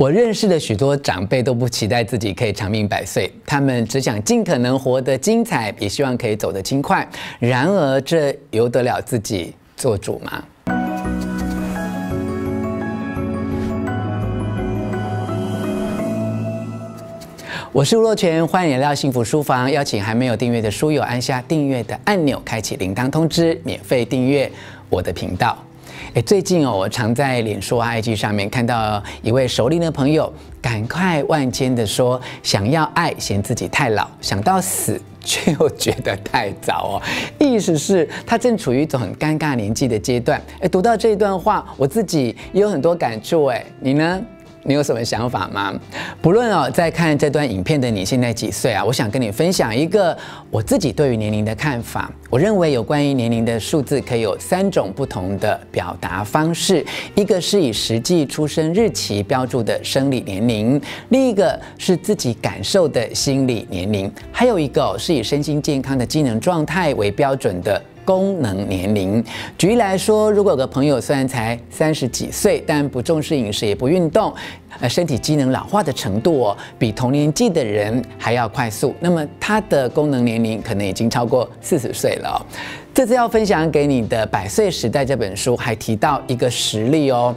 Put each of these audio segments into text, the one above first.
我認識的許多長輩都不期待自己可以長命百歲，他們只想盡可能活得精彩，也希望可以走得輕快。然而，這由得了自己做主嗎？我是吳若權，歡迎來到幸福書房。邀請還沒有訂閱的書友按下訂閱的按鈕，開啟鈴鐺通知，免費訂閱我的頻道。欸，最近哦，我常在臉書 IG 上面看到一位熟齡的朋友，感慨萬千的說：“想要愛，嫌自己太老；想到死，卻又覺得太早。”哦，意思是他正處於一種很尷尬年紀的階段。哎，欸，讀到這段話，我自己也有很多感觸。哎，你呢？你有什麼想法嗎？不論哦，在看這段影片的你現在幾歲啊？我想跟你分享一個我自己對於年齡的看法。我認為有關於年齡的數字可以有三種不同的表達方式：一個是以實際出生日期標注的生理年齡，另一個是自己感受的心理年齡，還有一個是以身心健康的機能狀態為標準的。功能年齡，舉例來說，如果有個朋友雖然才三十幾歲，但不重視飲食也不運動，身體機能老化的程度哦，比同年紀的人還要快速，那麼他的功能年齡可能已經超過四十歲了哦。這次要分享給你的《百歲時代》這本書還提到一個實例哦，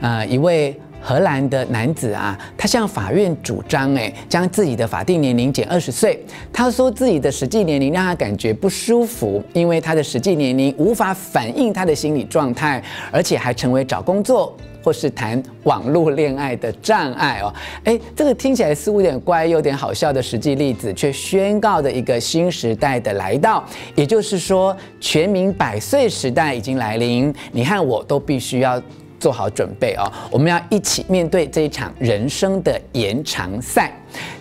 呃，一位。荷蘭的男子啊，他向法院主張，誒，將自己的法定年齡減二十歲。他說自己的實際年齡讓他感覺不舒服，因為他的實際年齡無法反映他的心理狀態，而且還成為找工作或是談網絡戀愛的障礙哦。誒，這個聽起來似乎有點怪，有點好笑的實際例子，卻宣告着一個新時代的來到。也就是說，全民百歲時代已經來臨，你和我都必須要。做好準備哦，我們要一起面對這一場人生的延長賽。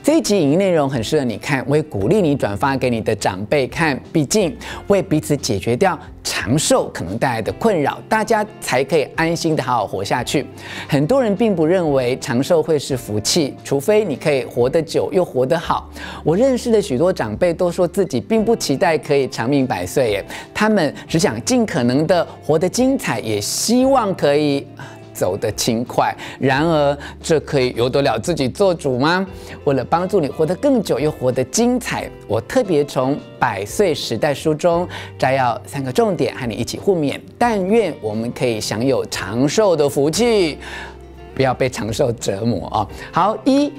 這一集影音內容很適合你看，我也鼓勵你轉發給你的長輩看，畢竟為彼此解決掉長壽可能帶來的困擾，大家才可以安心的好好活下去。很多人並不認為長壽會是福氣，除非你可以活得久又活得好。我認識的許多長輩都說自己並不期待可以長命百歲，耶，他們只想盡可能的活得精彩，也希望可以。走得輕快，然而這可以由得了自己做主嗎？為了幫助你活得更久又活得精彩，我特別從《百歲時代》書中摘要三個重點和你一起互勉。但願我們可以享有長壽的福氣，不要被長壽折磨啊、哦！好，一、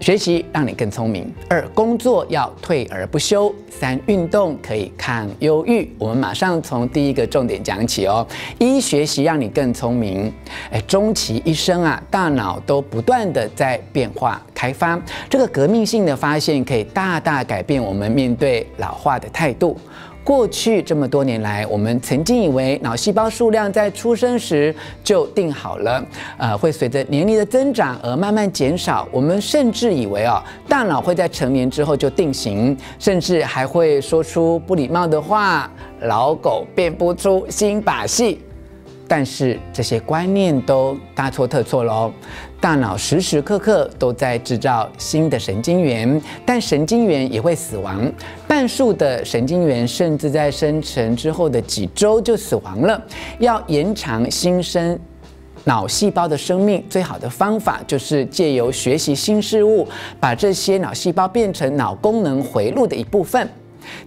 學習讓你更聰明。二、工作要退而不休。三、運動可以抗憂鬱。我們馬上從第一個重點講起哦。一、學習讓你更聰明。哎，終其一生啊，大腦都不斷的在變化開發。這個革命性的發現可以大大改變我們面對老化的態度。過去這麼多年來，我們曾經以為腦細胞數量在出生時就定好了，呃，會隨着年齡的增長而慢慢減少。我們甚至以為哦，大腦會在成年之後就定型，甚至還會說出不禮貌的話，老狗變不出新把戲。但是這些觀念都大錯特錯嘍！大腦時時刻刻都在製造新的神經元，但神經元也會死亡。半數的神經元甚至在生成之後的幾週就死亡了。要延長新生腦細胞的生命，最好的方法就是借由學習新事物，把這些腦細胞變成腦功能迴路的一部分。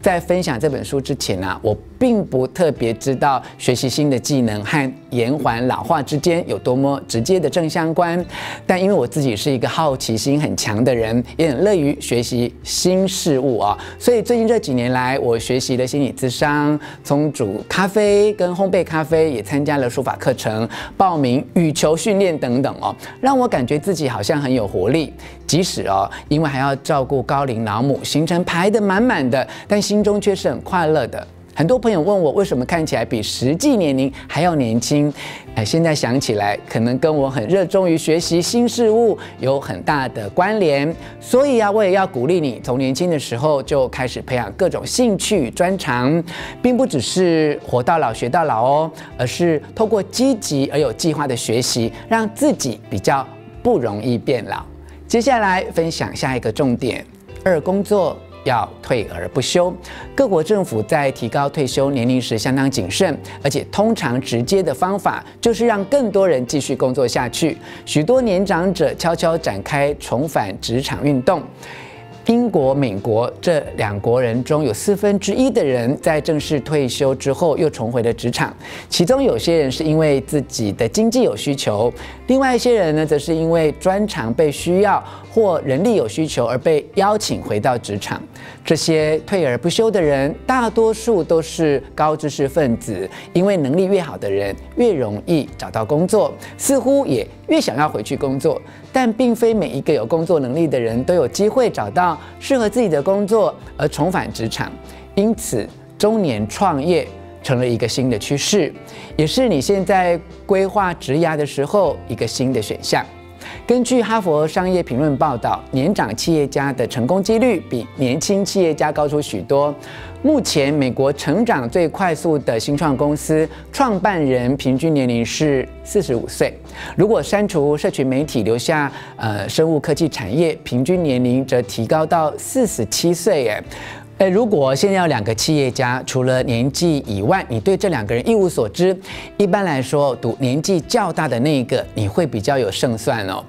在分享這本書之前啊，我並不特別知道學習新的技能和延緩老化之間有多麼直接的正相關，但因為我自己是一個好奇心很強的人，也很樂於學習新事物啊、哦，所以最近這幾年來，我學習了心理諮商，從煮咖啡跟烘焙咖啡，也參加了書法課程、報名羽球訓練等等哦，讓我感覺自己好像很有活力。即使哦，因為還要照顧高齡老母，行程排得滿滿的，但心中卻是很快樂的。很多朋友問我為什麼看起來比實際年齡還要年輕，唉，現在想起來可能跟我很熱衷於學習新事物有很大的關聯。所以啊，我也要鼓勵你從年輕的時候就開始培養各種興趣與專長，並不只是活到老學到老哦，而是透過積極而有計劃的學習，讓自己比較不容易變老。接下來分享下一個重點：二工作。要退而不休，各國政府在提高退休年齡時相當謹慎，而且通常直接的方法就是讓更多人繼續工作下去。許多年長者悄悄展開重返職場運動。英國、美國這兩國人中，有四分之一的人在正式退休之後又重回了職場。其中有些人是因為自己的經濟有需求，另外一些人呢，則是因為專長被需要或人力有需求而被邀請回到職場。這些退而不休的人，大多數都是高知識分子，因為能力越好的人越容易找到工作，似乎也越想要回去工作，但並非每一個有工作能力的人都有機會找到適合自己的工作而重返職場，因此中年創業成了一個新的趨勢，也是你現在規劃職涯的時候一個新的選項。根據《哈佛商業評論》報道，年長企業家的成功幾率比年輕企業家高出許多。目前，美國成長最快速的新創公司創辦人平均年齡是四十五歲。如果刪除社群媒體，留下呃生物科技產業，平均年齡則提高到四十七歲。哎。如果現在有兩個企業家，除了年紀以外，你對這兩個人一無所知，一般來說，賭年紀較大的那一個，你會比較有勝算哦。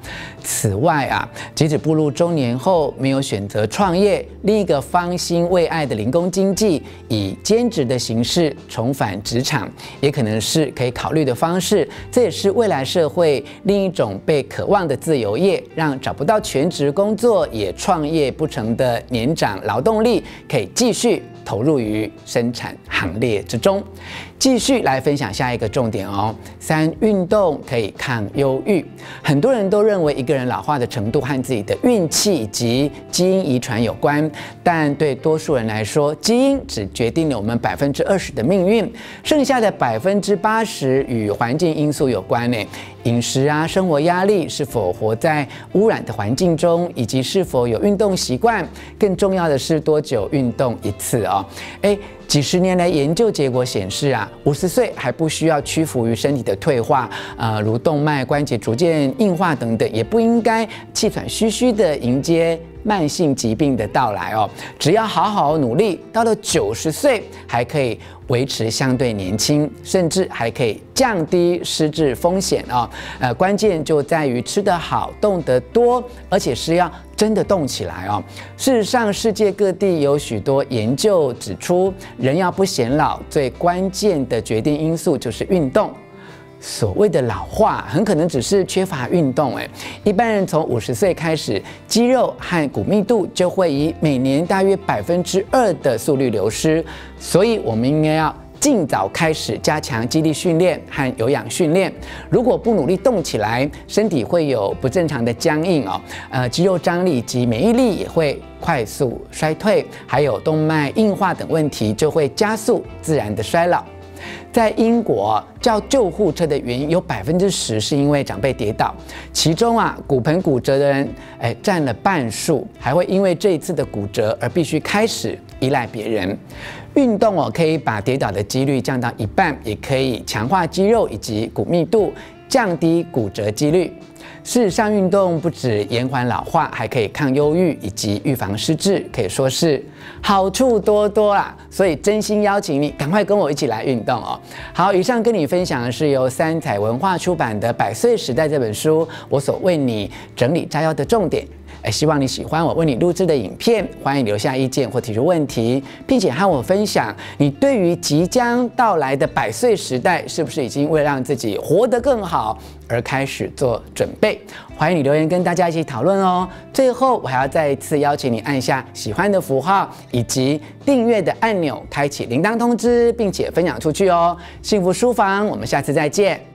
此外啊，即使步入中年後沒有選擇創業，另一個方興未艾的零工經濟，以兼職的形式重返職場，也可能是可以考慮的方式。這也是未來社會另一種被渴望的自由業，讓找不到全職工作也創業不成的年長勞動力可以。繼續。投入於生產行列之中，繼續來分享下一個重點哦。三、運動可以抗憂鬱，很多人都認為一個人老化的程度和自己的運氣以及基因遺傳有關，但對多數人來說，基因只決定了我們百分之二十的命運，剩下的百分之八十與環境因素有關呢。飲食啊，生活壓力，是否活在汙染的環境中，以及是否有運動習慣，更重要的是多久運動一次哦。啊，哎，幾十年來研究結果顯示啊，五十歲還不需要屈服於身體的退化，啊、呃，如動脈、關節逐漸硬化等等，也不應該氣喘吁吁地迎接慢性疾病的到來哦。只要好好努力，到了九十歲還可以維持相對年輕，甚至還可以降低失智風險哦。呃，關鍵就在於吃得好、動得多，而且是要。真的動起來哦！事實上，世界各地有許多研究指出，人要不顯老，最關鍵的決定因素就是運動。所謂的老化，很可能只是缺乏運動。哎，一般人從五十歲開始，肌肉和骨密度就會以每年大約百分之二的速率流失，所以我們應該要。儘早開始加強肌力訓練和有氧訓練。如果不努力動起來，身體會有不正常的僵硬哦，呃，肌肉張力及免疫力也會快速衰退，還有動脈硬化等問題就會加速自然的衰老。在英國叫救護車的原因有百分之十是因為長輩跌倒，其中啊，骨盆骨折的人，誒，占了半數，還會因為這一次的骨折而必須開始依賴別人。運動哦，可以把跌倒的幾率降到一半，也可以強化肌肉以及骨密度，降低骨折幾率。事實上，運動不止延緩老化，還可以抗憂鬱以及預防失智，可以說是好處多多啊！所以，真心邀請你趕快跟我一起來運動哦。好，以上跟你分享的是由三采文化出版的《百歲時代》這本書，我所為你整理摘要的重點。誒，希望你喜歡我為你錄製的影片，歡迎留下意見或提出問題，並且和我分享你對於即將到來的百歲時代，是不是已經為了讓自己活得更好而開始做準備？歡迎你留言跟大家一起討論哦。最後，我還要再一次邀請你按下喜歡的符號以及訂閱的按鈕，開啟鈴鐺通知，並且分享出去哦。幸福書房，我們下次再見。